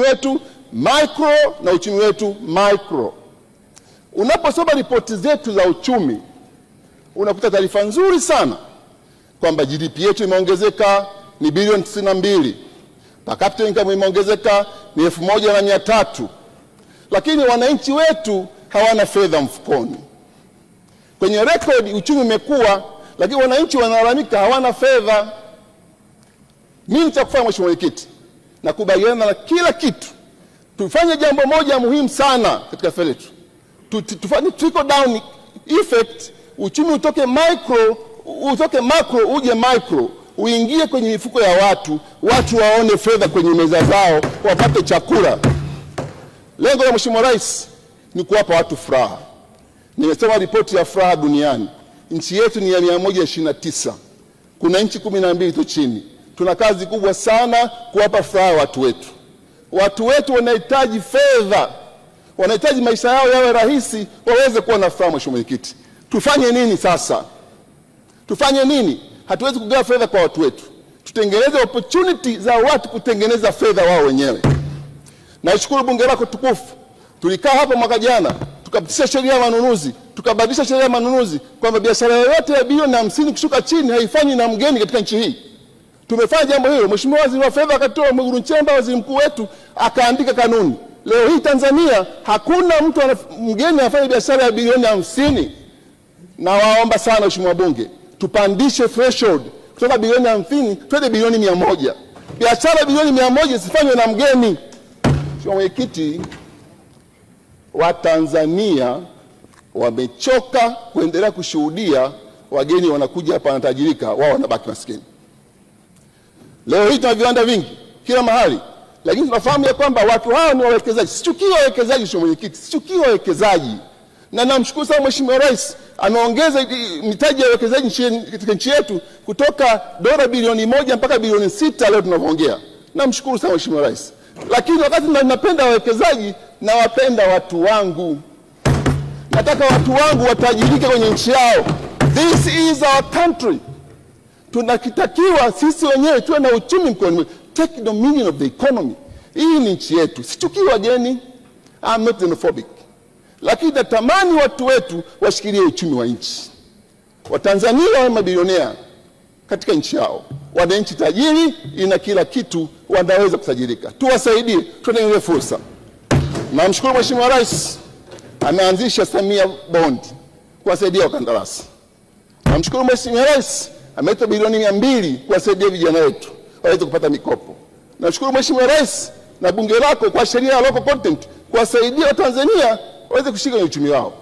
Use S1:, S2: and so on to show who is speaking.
S1: wetu micro na uchumi wetu micro. Unaposoma ripoti zetu za uchumi unakuta taarifa nzuri sana kwamba GDP yetu imeongezeka ni bilioni 92, per capita income imeongezeka ni elfu moja na mia tatu, lakini wananchi wetu hawana fedha mfukoni. Kwenye rekodi uchumi umekuwa, lakini wananchi wanalalamika hawana fedha. Nini cha kufanya, mheshimiwa mwenyekiti? na kubaliana na kila kitu. Tufanye jambo moja muhimu sana katika taifa letu, tufanye trickle down effect, uchumi utoke micro utoke macro uje micro, uingie kwenye mifuko ya watu, watu waone fedha kwenye meza zao, wapate chakula. Lengo la Mheshimiwa Rais ni kuwapa watu furaha. Nimesema ripoti ya furaha duniani, nchi yetu ni ya 129 kuna nchi kumi na mbili tu chini tuna kazi kubwa sana kuwapa furaha watu wetu. Watu wetu wanahitaji fedha, wanahitaji maisha yao yawe rahisi, waweze kuwa na furaha. Mheshimiwa Mwenyekiti, tufanye nini sasa? Tufanye nini? Hatuwezi kugawa fedha kwa watu wetu, tutengeneze opportunity za watu kutengeneza fedha wao wenyewe. Naishukuru bunge lako tukufu, tulikaa hapa mwaka jana tukapitisha sheria ya manunuzi tukabadilisha sheria ya manunuzi kwamba biashara yoyote ya bilioni hamsini kushuka chini haifanyi na mgeni katika nchi hii. Tumefanya jambo hilo. Mheshimiwa Waziri wa Fedha wakati Mwigulu Nchemba, waziri mkuu wetu, akaandika kanuni. Leo hii Tanzania hakuna mtu mgeni anafanya biashara ya bilioni hamsini. Na waomba sana Mheshimiwa Bunge, tupandishe threshold kutoka bilioni hamsini twende bilioni mia moja. Biashara bilioni mia moja isifanywe na mgeni. Mheshimiwa Mwenyekiti, Watanzania wamechoka kuendelea kushuhudia wageni wanakuja hapa wanatajirika, wao wanabaki maskini. Leo hii tuna viwanda vingi kila mahali, lakini tunafahamu ya kwamba watu hao ni wawekezaji. Sichukii wawekezaji, sio mwenyekiti, sichukii wawekezaji, na namshukuru sana Mheshimiwa Rais ameongeza mitaji ya wawekezaji katika nchi yetu kutoka dola bilioni moja mpaka bilioni sita leo tunavyoongea. Namshukuru sana Mheshimiwa Rais, lakini wakati napenda wawekezaji, nawapenda watu wangu, nataka watu wangu watajirike kwenye nchi yao. This is our country tunakitakiwa sisi wenyewe tuwe na uchumi mkononi mwetu, take dominion of the economy. Hii ni nchi yetu, sichukii wageni, I'm not xenophobic, lakini natamani watu wetu washikilie uchumi wa nchi. Watanzania wawe mabilionea katika nchi yao, wana nchi tajiri, ina kila kitu, wanaweza kusajirika Tuwasaidie, tuwatengenezee fursa. Namshukuru Mheshimiwa Rais ameanzisha Samia bondi kuwasaidia wakandarasi. Namshukuru Mheshimiwa Rais ametoa bilioni mia mbili kuwasaidia vijana wetu waweze kupata mikopo. Nashukuru Mheshimiwa Rais na bunge lako kwa sheria ya local content kuwasaidia Watanzania waweze kushika kwenye uchumi wao.